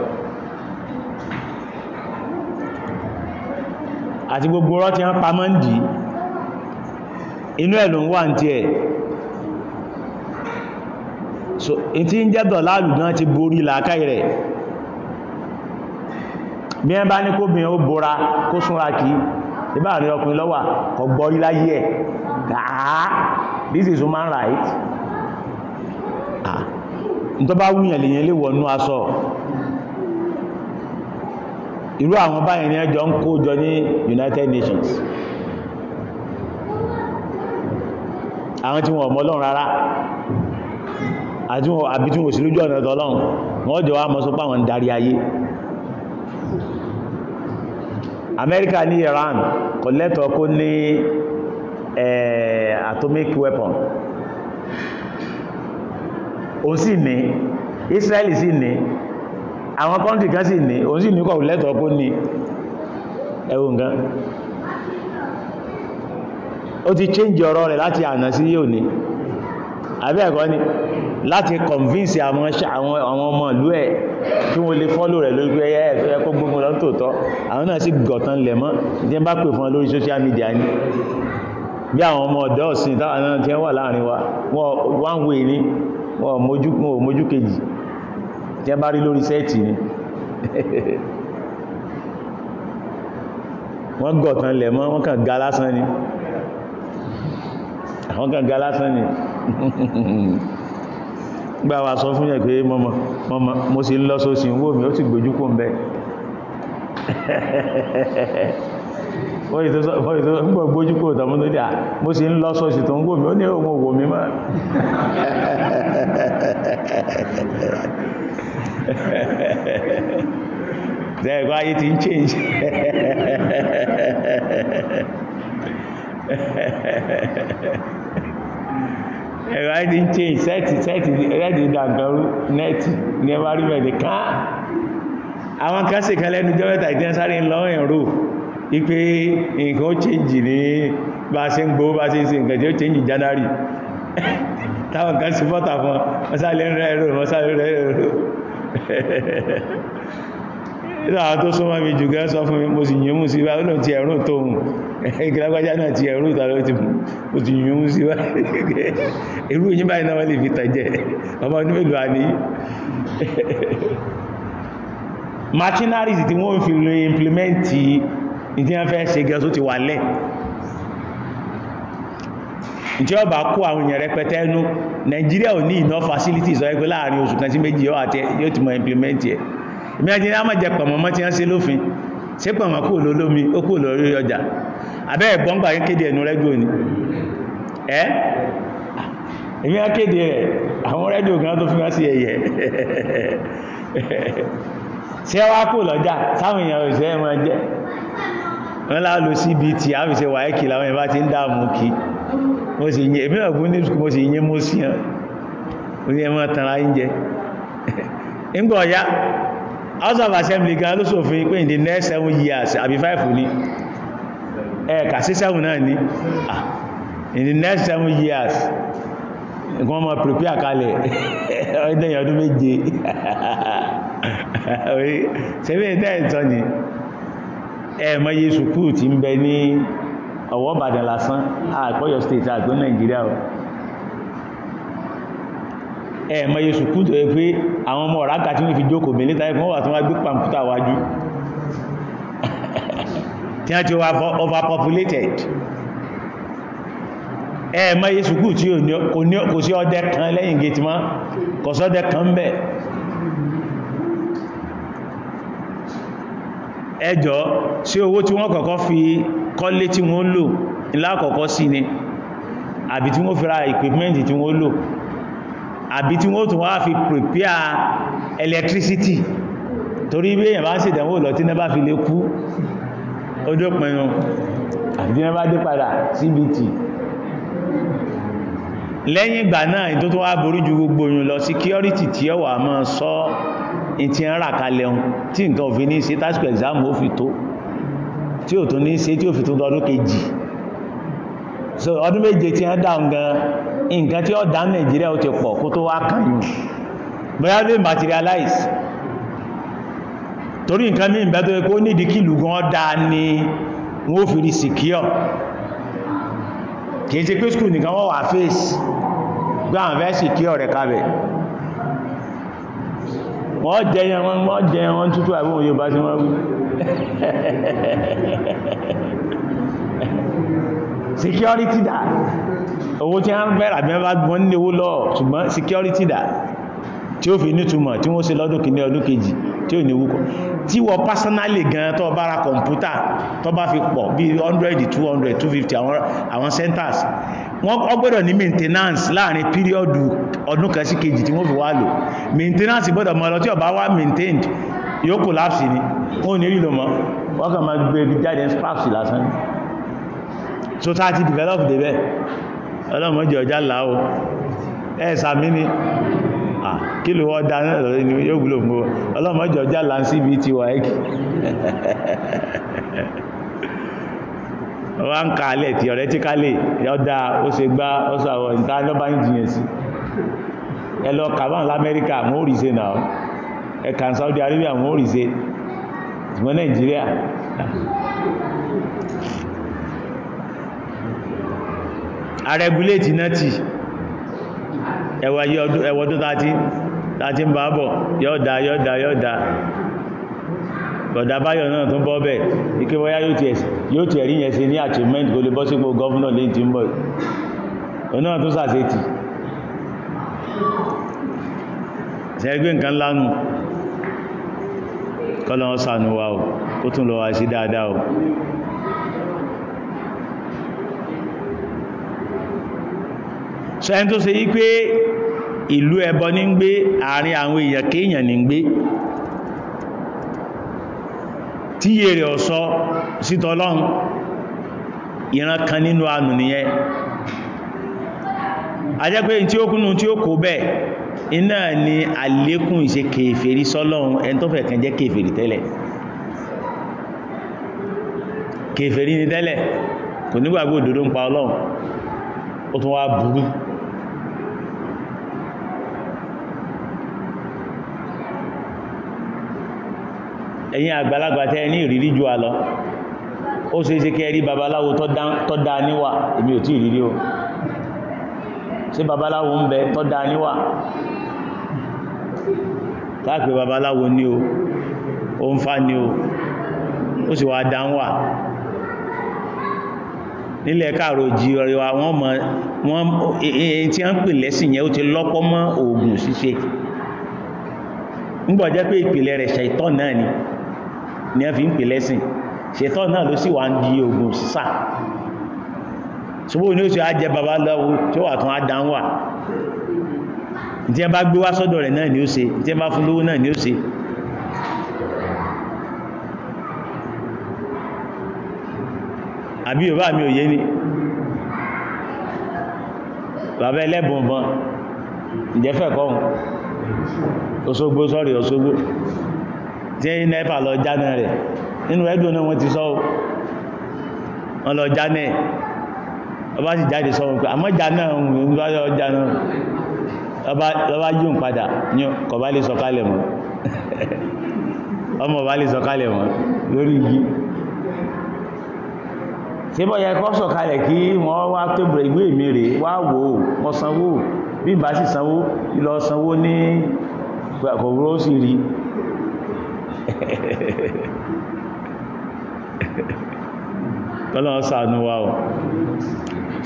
Speaker 1: àti gbogbo ọ̀rọ̀ tí wọ́n pa mọ́ ń dì inú ẹ̀ ń wà ní ẹ̀ so in ti ń jẹ́dọ̀ láàrù náà ti borí làákàí rẹ̀ bí ẹ bá ní kó bí ó bora kó súnra kí ìbá rí ọkùnrin lọ́wà kọ gbọ́rí láyé ẹ̀ dáa this is human right ah n tó bá wúyàn irú àwọn báyìí ni ẹjọ́ ń kó jọ ní United Nations àwọn tí wọ́n mọ̀ Ọlọ́run rárá àbí tí wọ́n sì lójú ọ̀nà Ọlọ́run wọ́n jọ wá mọ́ sọ ń darí ayé Amẹ́ríkà ní Iran kò lẹ́tọ̀ọ́ kó ní atomic weapon ó sì ní Israeli sì ní àwọn kọ́ntì kan sì ní òun sì ní kọ̀ lẹ́tọ̀ọ́ kó ní ẹwù nǹkan ó ti change ọ̀rọ̀ rẹ̀ láti àná sí yóò ní àbẹ́ ẹ̀kọ́ ni láti convince àwọn ọmọ ìlú ẹ̀ kí wọ́n lè follow rẹ̀ lórí pé ẹ kó gbogbo lọ tòótọ́ àwọn náà sì gọ̀tán lẹ̀ bí àwọn ọmọ ọ̀dọ́ ọ̀sìn táwọn náà ti wà láàrin wa wọ́n one way wọ́n mojú kejì jẹ́ bá rí lórí sẹ́ẹ̀tì ni wọ́n gọ̀kan lẹ̀ mọ́ wọ́n kàn ga lásán ni àwọn kàn ga lásán ni gbà wà sọ fún yẹ̀ pé mọ́mọ́ mo sì ń lọ sósì ń wò mí ó sì gbójú kò ń bẹ́ wọ́n ìtọ́sọ́ ń gbọ́ gbójú ṣẹ́gbọ́ ayé ti ń change ẹ̀rọ ayé ti ń change sẹ́ẹ̀tì sẹ́ẹ̀tì rẹ́ẹ̀dì dàgbọ́rú nẹ́ẹ̀tì ní ẹwà rí mẹ́ẹ̀dì káà àwọn kan sì kan lẹ́nu jọ́wẹ́ta ìdíyànsáré ń lọ ẹ̀rọ Ipe, nǹkan ó change ní bá ṣe ń gbówó bá ṣe ń ṣe nǹkan tí ó change January táwọn kan sí fọ́tà fún ọsálẹ́ ń rẹ̀ ẹ̀rọ ọsálẹ́ ń rẹ̀ ẹ̀rọ láàá tó súnmọ́ mi jù gẹ́ sọ fún mi mo sì yìn mú sí bá ó lò ti ẹ̀rùn tóhun ìgbàgbàjá náà ti ẹ̀rùn ìtàlọ́ ti mo sì yìn mú sí bá irú yìí báyìí náà wọ́n lè fi tàjẹ́ ọmọ ọdún mélòó a ní machineries tí wọ́n fi lo implement ìdí wọ́n fẹ́ ṣe gẹ́ tó ti wà lẹ́ẹ̀ tí ó bá kó àwọn èèyàn rẹpẹtẹ ẹnu Nàìjíríà ò ní enough facilities sọ ẹgbẹ́ láàrin oṣù kan sí méjì yóò àti yóò ti mọ implement ẹ̀ ìmí ẹni náà mọ̀jẹ pọ̀mọ́ mọ́ tí wọ́n ṣe lófin ṣé pọ̀mọ́ kú lólómi ó kú lórí ọjà abẹ́ ẹ̀gbọ́n gbà kéde ẹnu rẹ́díò ni ẹ́ èmi á kéde rẹ̀ àwọn rẹ́díò kan tó fi wá sí ẹ̀yẹ ṣé wá kú lọ́jà sáwọn èèyàn òṣèré wọn jẹ́ wọ́n láàlò cbt àfisẹ̀ wàíkì láwọn ìbá ti ń dáàmú kí mo sì yẹ ẹ̀mí ọ̀gbọ́n ní mo sì yẹ mo sí hàn ó ní ẹmọ́ tanra oúnjẹ ńgbọ̀ ọ̀yá house of assembly gan ló ṣòfin pé in next seven years àbí five ní ẹ̀ẹ̀kà sí seven náà ní in the next seven years nǹkan ọmọ prepare kalẹ̀ ọdún ọdún méje ṣe bí ẹ̀ tẹ́ ni ẹ̀mọye sùkúù ti ń bẹ ní ọwọ́ Ìbàdàn lásán àpọ̀yọ̀ state àgbọ́n Nàìjíríà o ẹ̀mọye sùkúù tó yẹ pé àwọn ọmọ ọ̀rá kàtí ní fi jókòó mi níta ẹ̀kọ́ wà tó wá gbé pàmpútà wájú tí wọ́n ti wá overpopulated ẹ̀mọye sùkúù tí kò sí ọdẹ kan lẹ́yìn gẹ̀tìmọ́ kò sọ́dẹ kan bẹ́ẹ̀ ẹjọ́ sí owó tí wọ́n kọ́kọ́ fi kọ́lé tí wọ́n lò lákọ̀ọ́kọ́ sí ni àbí tí wọ́n fi ra equipment tí wọ́n lò àbí tí wọ́n tún wá fi prepare electricity torí bí èyàn bá ń ṣèdánwò lọ tí nẹ́bá fi lè kú ojú pinnu àbí tí nẹ́bá dé padà CBT lẹ́yìn ìgbà náà ìtó wá borí ju gbogbo yìí lọ security tí ó wà máa sọ tí ń rà kalẹ̀ ohun tí nǹkan òfin ní ṣe tásìkò ẹ̀zámù ó fi tó tí ò tún ní ṣe tí ò fi tó ọdún kejì so ọdún méje tí ń dáhùn gan nǹkan tí ó dá Nàìjíríà ó ti pọ̀ kó tó wá kàyùn bóyá lè materialize torí nǹkan mí ìbẹ́ tó kó nídìí kìlù gan dáa ni wọ́n fi rí secure kìí ṣe pé skul nìkan wọ́n wà face gbáhàn fẹ́ secure rẹ̀ kabẹ̀ wọ́n jẹyàn wọn wọ́n jẹyàn wọn tútù àbí òun yóò bá ti wọ́n wí security dà owó tí wọ́n fẹ́ ràbí wọ́n ní owó lọ ṣùgbọ́n security dà tí ó fi nítumọ̀ tí wọ́n ṣe lọ́dún kìíní ọdún kejì tí ò ní wúkọ́ tí wọ́n pásánálì gan tó bá ra kọ̀mpútà tó bá fi pọ̀ bí 100 200 250 àwọn centers wọ́n gbọ́dọ̀ ní maintenance láàrin píríọ̀dù ọdún kan sí kejì tí wọ́n fi wá lò maintenance gbọ́dọ̀ mọ́ lọ tí ọba wá maintained yóò collapse ni wọ́n ní rílò mọ́ wọ́n kàn máa gbé ibi jáde sparks lásán so tá ti develop débẹ̀ ọlọ́mọ jẹ ọjà láwọ́ ẹ̀ sàmí ni kí ló wọ́n dáná lọ́rẹ́ ni yóò wúlò fún ọlọ́mọ jẹ ọjà láńsí bíi tiwa ẹ́kì wọ́n ń ka alẹ́ theoretically yọ́ da ó se gbá ó sàwọ̀ ìta lọ́bá ìjìyàn sí ẹ lọ kàbán lamẹ́ríkà àwọn òrìṣe náà ẹ kàn Saudi Arabia àwọn òrìṣe ṣùgbọ́n Nàìjíríà arẹ́gúlétì náà ti ẹwà ọdún tàti ń bá bọ̀ yọ́ da yọ́ lọ́dà báyọ̀ náà tún bọ́ bẹ̀ ike bọ́yá yóò ti ẹ̀rí yẹn ṣe ní achievement kò lè bọ́ sípò gọ́vùnà lẹ́yìn tí ń bọ̀ òun náà tún sàṣetì ṣẹ́gbé nǹkan lánú kọ́lọ́n sànú wa o kó tún lọ wá sí dáadáa o sọ ẹni tó ṣe yí pé ìlú ẹbọ ní ń gbé àárín àwọn èèyàn kéèyàn ní ń gbé tí yẹ rẹ̀ ọ̀sọ́ sítọ́lọ́n ìran kan nínú ànù nìyẹn a jẹ́ pé tí ó kúnnú tí ó kó bẹ́ẹ̀ iná ni àlékún ìṣe kèfèrí sọ́lọ́run ẹni tó fẹ́ kan jẹ́ kèfèrí tẹ́lẹ̀ kèfèrí ni tẹ́lẹ̀ kò nígbàgbọ́ òdodo ń pa ọlọ́run ó tún wá burú ẹ̀yin àgbàlagbà tẹ́ ní ìrírí jù wa lọ ó ṣe é ṣe kẹ́ rí babaláwo tó dá níwà èmi ò tí ìrírí o ṣé babaláwo ń bẹ tó dá níwà láàpẹ babaláwo ní o ó ń fá ní o ó sì wá dánwà nílẹ̀ káàrò jí ọrẹ wọ́n mọ̀ wọ́n èyí tí a ń pè lẹ́sìn yẹn ó ti lọ́pọ̀ mọ́ oògùn ṣíṣe ń gbọ́ pé ìpìlẹ̀ rẹ̀ ṣàìtọ́ náà ni ni a fi ń pè lẹ́sìn ṣètọ́ náà ló sì wà ń di ogun sísà ṣubú ní oṣù ajẹ́ bàbá lọ́wọ́ tí ó wà tún adánwà tí ẹ bá gbé wá sọ́dọ̀ rẹ̀ náà ni ó ṣe tí ẹ bá fún lówó náà ni ó ṣe àbí yorùbá mi ò yé ni bàbá ẹlẹ́bùn bọ́n ìjẹ́fẹ́ kọ́ Òṣogbo sọ́rí Òṣogbo tí nẹ́pà lọ jáná rẹ̀ nínú ẹgbùn náà wọ́n ti sọ wọ́n lọ jáná ọba sì jáde sọ wọn pé àmọ́ jáná òun ló lọ jáná lọ́ba yóò padà ní kọ̀bá lè sọ kálẹ̀ mọ́ ọmọ ọba lè sọ kálẹ̀ mọ́ lórí igi síbọ̀ yẹ kọ́ sọ kalẹ̀ kí wọ́n wá pé ìwé mi rè wá wò ó wọ́n sanwó bí ìbá sì sanwó lọ sanwó ní kòkòrò sì rí kọ́lọ̀ sàánú wa o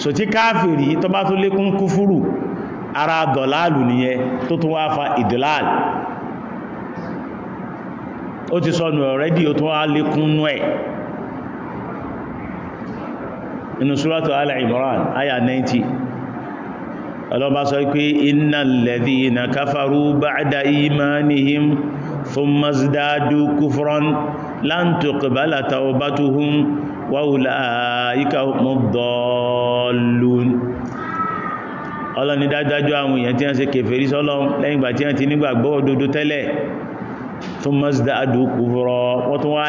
Speaker 1: so tí káàfìrí tó bá tó lékún kúfúrù ara dọ̀láàlù nìyẹn tó tún wá fa ìdìláàlù ó ti sọ́nù ọ̀rẹ́dì ó tún wá lékún nú ẹ̀ inú súrátù Al-Imran àyà 90 ọlọ́bá sọ pé innal ladhina kafaru ba'da imanihim thumma zdadu kufran lan tuqbala tawbatuhum wa ulaika humud dallun ọlọ́ni dájájú àwọn èèyàn tí wọ́n ṣe kèfèrí sọ́lọ́un lẹ́yìn ìgbà tí wọ́n ti nígbàgbọ́ òdodo tẹ́lẹ̀ thumma zdadu kufra wọ́n tún wá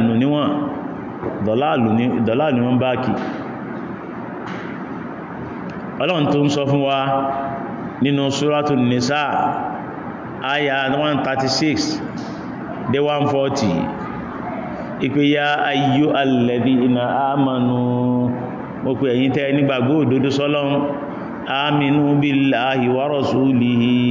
Speaker 1: lékún dọ̀lá ni wọ́n bá kì ọlọ́run tó ń sọ fún wa nínú 136 dey 140 ìpé ya ayyú alladhina amanu mo pè ẹ̀yin tẹ́ nígbàgbọ́ òdodo sọ́lọ́run aminu billahi wa rasulihi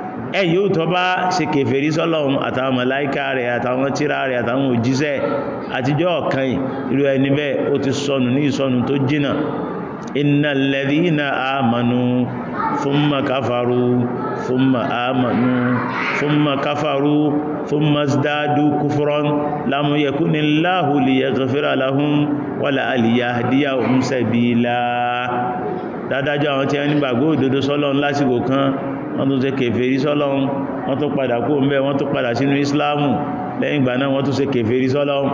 Speaker 1: ẹ yóò tọ́ bá ṣe kèfèrí sọ́lọ́run àtàwọn màláíkà rẹ̀ àtàwọn tírà rẹ̀ àtàwọn òjíṣẹ́ àtijọ́ ọ̀kan irú ẹni bẹ́ẹ̀ ó ti sọnù ní ìsọnù tó jìnà innal ladhina amanu thumma kafaru thumma amanu thumma kafaru thumma zdadu kufran lam yakunillahu liyaghfira lahum wala aliyahdiyahum sabila wọ́n tún ṣe kèfèrí sọ́lọ́run wọ́n tún padà kó ń bẹ́ wọ́n tún padà sínú islamu lẹ́yìn ìgbà náà wọ́n tún ṣe kèfèrí sọ́lọ́run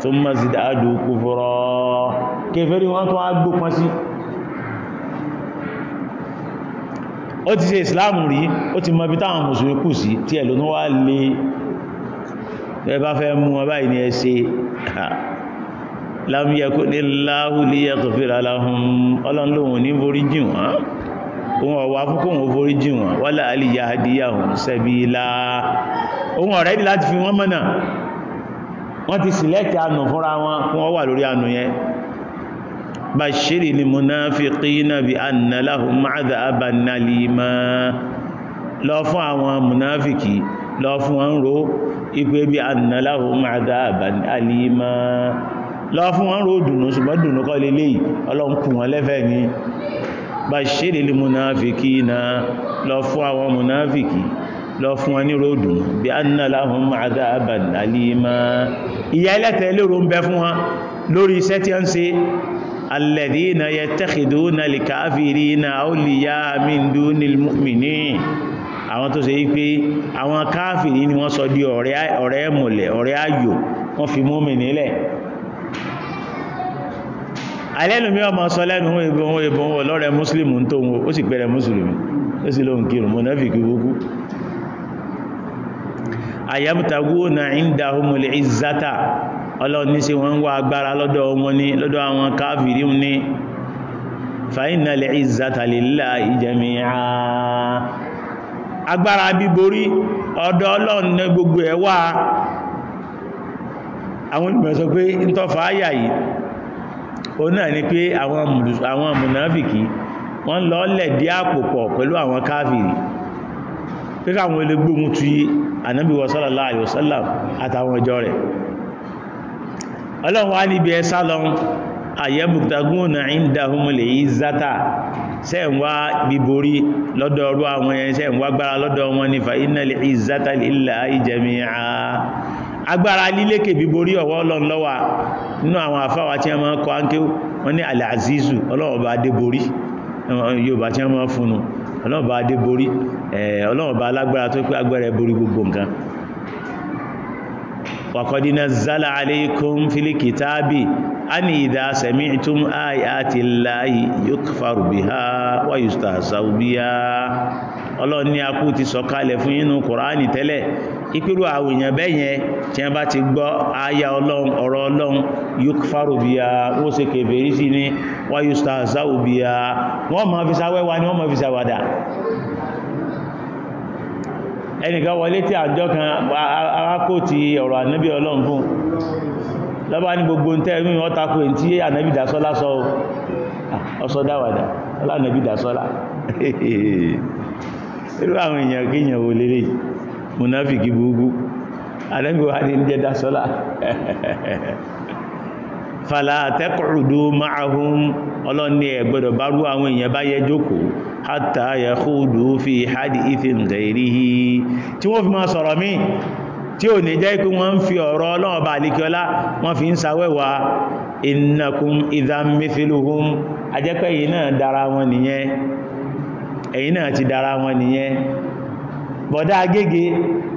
Speaker 1: tó mọ́ sí dáadù kúfúrọ́ kèfèrí wọ́n tún agbópọn sí ó ti ṣe islamu rí ó ti mọbi táwọn mùsùlùmí kù sí tí ẹ̀ lónú wá lè ẹ bá fẹ́ mú wọn báyìí ni ẹ ṣe lámúyẹkú ní láhùlíyẹ kòfèrè òun ọ̀wà fúnkún òun forí jì wọn wọ́lá alìyà àdíyà òun sẹ́bí láà òun ọ̀rẹ́ láti fi wọ́n mọ́nà wọ́n ti sílẹ̀kì ànù fúnra wọn fún ọwà lórí ànù yẹn bashiri ni bi munafiki bi dùnú ṣùgbọ́n dùnú bashiril munafikina lọ fún àwọn munafiki lọ fún wọn ní ròdù bí anna lahum adhaban alima ìyà ẹlẹ́tẹ̀ lérò ń bẹ fún wọn lórí iṣẹ́ tí ó ń ṣe alladhina yattakhiduna likafirina awliya min dunil mu'minin àwọn tó ṣe yí pé àwọn káàfìrí ni wọ́n sọ di ọ̀rẹ́ mọ̀lẹ̀ ọ̀rẹ́ ayò wọ́n fi mọ́mìnì lẹ̀ alẹ́lùmí ma sọ lẹ́nu ohun ìbò ohun ìbò ohun ọlọ́rẹ̀ ń tó ohun ó sì pẹ̀rẹ̀ mùsùlùmí ó sì lóhun kírùn mọ́ náà fi kí wókú ìndà homole ìzátà ọlọ́ni sí wọ́n wá agbára lọ́dọ̀ wọn pé ó náà ni pé àwọn mùnáfìkì wọ́n lọ lẹ̀dí àpòpọ̀ pẹ̀lú àwọn káfìrì pé káwọn ilé gbógun ti ànábì wa sallallahu alaihi wasallam àtàwọn ọjọ́ rẹ̀ ọlọ́run wá níbi ẹ sá lọ àyẹ́bùtagún náà ń da humule ìzátà sẹ́ ń wá agbára lílékè bíborí ọwọ́ ọlọ́run ló nínú àwọn àfáwà tí wọ́n máa kọ́ áńké wọ́n ní alàzízù ọlọ́ọ̀bá adéborí yóòbá tí wọ́n máa fúnnu ọlọ́ọ̀bá adéborí ọlọ́ọ̀bá alágbára tó pé agbára borí gbogbo nǹkan zala a a fún ìpérò àwọn èèyàn bẹ́yẹn tí wọ́n bá ti gbọ́ aya ọlọ́run ọ̀rọ̀ ọlọ́run yukfaru biha wọ́n ṣe kèfèrí sí ní wa yustahza'u biha wọ́n máa fi sáwẹ́wà ni wọ́n máa fi sàwàdà ẹnìkan wọlé tí àjọ kan arákò ti ọ̀rọ̀ ànábì ọlọ́run fún lọ́bá ní gbogbo ń tẹ́rù àwọn èèyàn kéèyàn wò lélẹ́yìí munafiki burúkú anẹ́gbẹ̀ wá ní jẹ́ dasọ́lá fàlà taq'udu ma'ahum ọlọ́ni ẹ gbọ́dọ̀ bá rú àwọn èèyàn bá yẹ jókòó hatta yakhudu fi hadithin ghairihi tí wọ́n fi máa sọ̀rọ̀ mí tí ò ní jẹ́ ikú wọ́n ń fi ọ̀rọ̀ Ọlọ́run bá bọ̀dá agége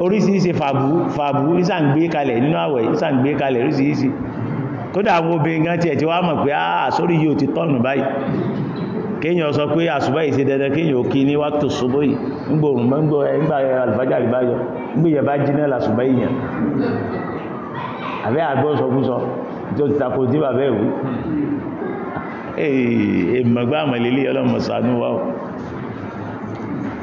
Speaker 1: oríṣiríṣi fàbú fàbú ìsàǹgbé kalẹ̀ nínú àwẹ̀ ìsàǹgbé kalẹ̀ oríṣiríṣi kódà àwọn obìnrin gan ẹ̀ tí wá mọ̀ pé àsórí yìí ò ti tọ́nù báyìí sọ pé dandan ò kí ní yìí mọ́ ńgbà ńgbìyàn bá jiná àbẹ́ sọkúsọ tó ti tako bàbá wa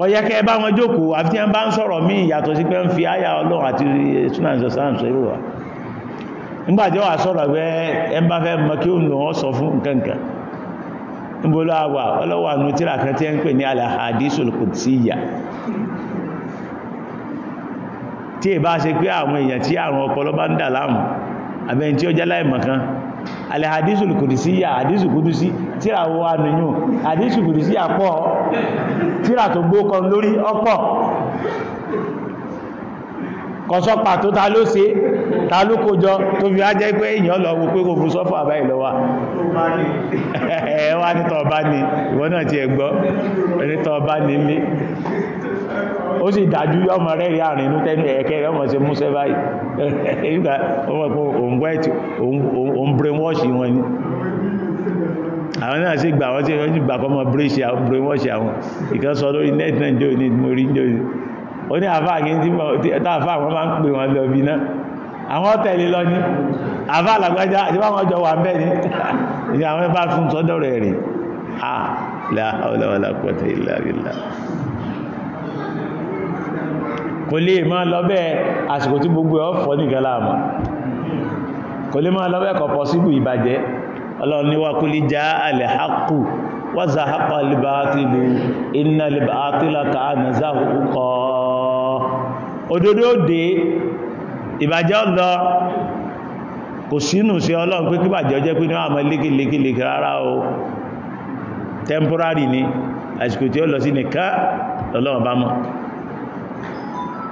Speaker 1: kọjá kẹ́ bá wọn jókòó àfi tí wọ́n bá ń sọ̀rọ̀ míì yàtọ̀ sí pé ń fi àyà ọlọ́run àti sunan sọ sáà sọ èrò wa nígbà tí wọ́n sọ̀rọ̀ pé ẹ ń bá fẹ́ mọ kí òun lòun sọ fún nǹkan kan níbo ló wà ọlọ́wọ́ àánú tíra kan tí ẹ ń pè ní al-hadisul qudsiyya tí è bá ṣe pé àwọn èèyàn tí àrùn ọpọlọ bá ń dà láàmú àbẹ́yìn tí ó jẹ́ láìmọ̀ kan al-hadisul qudsiyya hadisul qudusi tíra wo àmìyàn àdíṣù sí àpọ̀ tíra tó gbókọ lórí ọ̀pọ̀ tó ta ló ṣe ta ló kó jọ tó fi á jẹ́ pé èyàn lọ wo pé kò fún sọ́fà ọba náà ti ẹ̀gbọ́ ọba ó sì dájú ọmọ rẹ̀ rí inú tẹ́nu ẹ̀kẹ́ sí àwọn náà sì gbà wọ́n tí wọ́n jù gbà kọ́ mọ́ brainwash àwọn ìkan sọ lórí net náà jò ní mo rí jò ní ó ní àfáà kí tá àfáà wọn máa ń pè wọn lọ bí náà àwọn tẹ̀lé lọ ní àfáà làgbájá tí wọ́n jọ wà bẹ́ẹ̀ ni ìyá àwọn bá la hawla wala quwwata illa billah kò lè máa lọ bẹ́ẹ̀ àsìkò tí gbogbo ẹ̀ ọ̀fọ́ nìkan láàmú kò lè máa lọ bẹ́ẹ̀ kọ̀ ìbàjẹ́ ọlọ́run ní wa qul jā'al haqqu wa zahaqal bāṭilu innal bāṭila kāna zahūqā òdodo dé ìbàjẹ́ ọ̀dọ́ kò sínú sí ọlọ́run pé kíbàjẹ́ ọjẹ́ pé ní wọ́n àmọ́ lékèlékèlékè rárá o temporary ni àsìkò tí ó lọ sí nìkan lọ́lọ́run bá mọ̀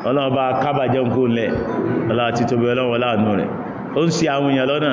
Speaker 1: ọlọ́run bá kábàjẹ́ ń lẹ̀ ọlọ́run ti tóbi ọlọ́run wọláàánú rẹ̀ ó ń ṣì àwọn èèyàn lọ́nà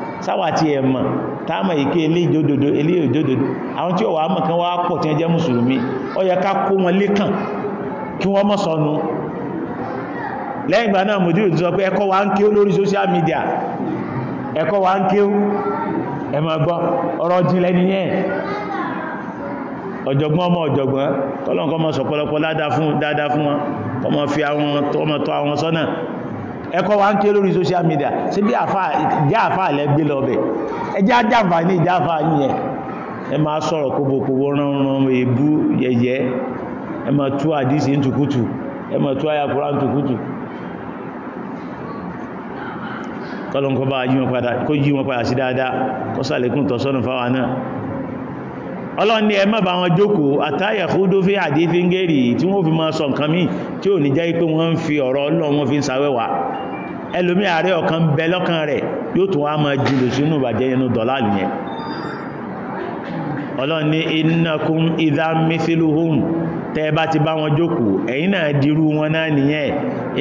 Speaker 1: sáwà tí ẹ mọ̀ táàmà ìké ilé ìjódòdó ilé ìjódòdó àwọn tí ó wà mọ̀ kan wá pọ̀ tí ẹ jẹ́ mùsùlùmí ó yẹ ká kó wọn lékàn kí wọ́n mọ́ sọnù lẹ́yìn ìgbà náà mùdírù ti sọ pé ẹkọ́ wa ń kí ó lórí social media ẹkọ́ wa ń kí ó ẹmọ̀ gbọ́ ọ̀rọ̀ jinlẹ̀ nìyẹn ọ̀jọ̀gbọ́n ọmọ ọ̀jọ̀gbọ́n tọ́lọ́nkọ́ mọ́ sọ̀pọ̀lọpọ̀ dáadáa fún ẹ̀kọ́ wa ń ké lórí social media sí bí ìjà àfà lẹ gbé lọ bẹ̀ ẹjá jàǹfà ní ìjà àfà yẹn ẹ máa sọ̀rọ̀ kóbokòbó ránran èébú yẹ̀yẹ́ ẹ máa tú àdísì ntùkútù ẹ máa tú àyàkúrá ntùkútù kọlọ̀nkọ́ bá yí wọn padà sí dáadáa kọ́sàlẹ̀kùn tọ̀sọ́nù fáwa náà ọlọ́run ní ẹ má bá wọn jókòó àtàyà kúdó fi àdífí ń gẹ́rì tí wọ́n fi máa sọ nǹkan míì tí ò ní jẹ́ pé wọ́n ń fi ọ̀rọ̀ ọlọ́run wọn fi ń sàwẹ́wà ẹlòmí ààrẹ ọ̀kan ń bẹ lọ́kàn rẹ̀ yóò tún wá máa jùlọ sínú ìbàjẹ́ inú dọ̀lá nìyẹn ọlọ́run ní innakum idha mithluhum tẹ́ bá ti bá wọn jókòó ẹ̀yin náà dirú wọn náà nìyẹn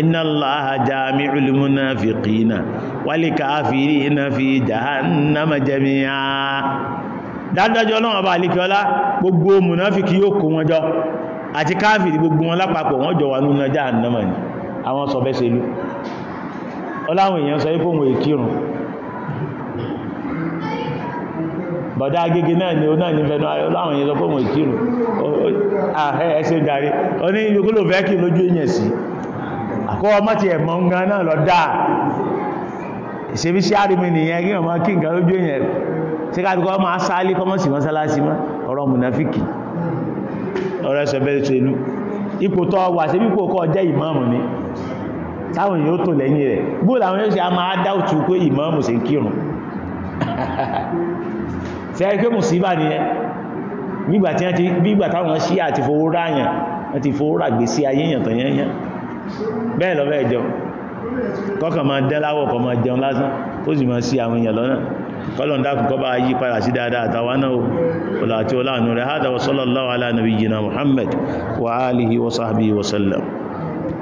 Speaker 1: innallaha jami'ul munafiqina wal kafirina fi jahannama jami'a dájọ́jọ́ ọlọ́run bá alékẹ́ ọlá gbogbo mùnáfíkì yóò kó wọn jọ àti káàfìrí gbogbo wọn lápapọ̀ wọ́n jọ wà ní ọjà ànàmà ní àwọn sọ̀bẹ́sẹ̀lú ọláwọn èèyàn sọ wípé òun èkírùn bọ̀dá agége náà ni ó náà ní fẹ́nu ayọ́ láwọn èèyàn sọ pé òun èkírùn ààrẹ ẹsẹ̀ darí ó ní yókòlò fẹ́ kí lójú kí wọ́n máa lójú èèyàn tí káàkiri ọmọ asáálé kọmọ̀sí mọ́sálásí mọ́ ọ̀rọ̀ mùnáfíkì ọ̀rọ̀ ẹ̀sọ̀ bẹ̀rẹ̀ tẹ̀lú ipò tọ́ wà sí pípò kọ́ jẹ́ ìmáàmù ni táwọn èèyàn tó lẹ́yìn rẹ̀ bó làwọn yóò ṣe a máa dá òtù pé ìmáàmù sí kírun sẹ́yìn pé mùsíbà ni ẹ nígbà tí wọ́n ti bígbà táwọn ṣí àti fowó ráyàn wọ́n ti fowó ràgbé sí ayé yàn tàn yẹn yẹn bẹ́ẹ̀ lọ́bẹ̀ jẹun kọ́kàn máa dẹ́ láwọ̀ kọ́ máa jẹun lásán ó sì máa ṣí àwọn èèyàn lọ́nà kọlọ̀n dákùn kọ́ bá yí padà sí dáadáa àtàwà náà ọ̀là àti ọlá àánú rẹ̀ hádà wa sallallahu ala nabiyyina muhammad wa alihi wa sahbihi wa